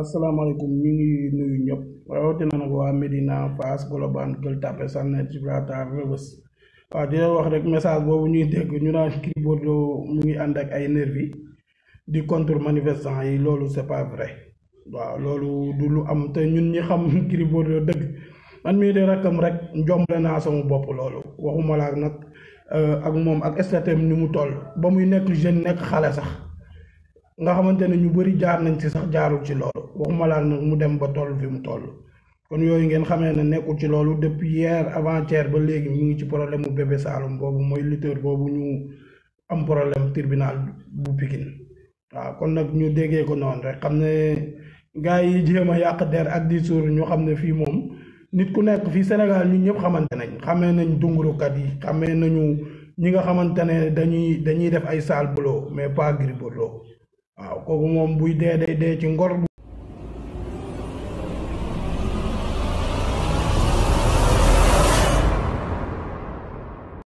asalaamaaleykum ñu ngi nuyu ñëpp rawatina nag waa Médina Fass Colobane Gueule Tapée Sandaga Gibraltar waaw di wax rek message boobu ñuy dégg ñu naan Gris Bordeaux mu ngi ànd ak ay nervi di contre manifestant yi loolu c'est pas vrai waaw loolu du lu am te ñun ñi xam Gris Bordeaux dëgg man mii di rakkam rek njomble naa sama bopp loolu waxuma laa nag euh, ak moom ak statut ñu mu toll ba muy nekk jeune nekk xale sax nga xamante ne ñu bëri jaar nañ ci sax jaarul ci loolu waxuma nag mu dem ba toll fi mu toll kon yooyu ngeen xamee ne nekkul ci loolu depuis hier avant-hier ba léegi mu ngi ci problème mu bébé Saloum boobu mooy lutteur boobu ñu am problème tribunal bu Pikine waaw kon nag ñu déggee ko noonu rek xam ne gars yi jéem a yàq der ak di suur ñu xam ne fii moom nit ku nekk fii Sénégal ñun ñëpp xamante nañ xamee nañ dungurukat yi xamee nañu ñi nga xamante ne dañuy dañuy def ay sale mais pas Gris waaw kooku moom buy dee day dee ci ngor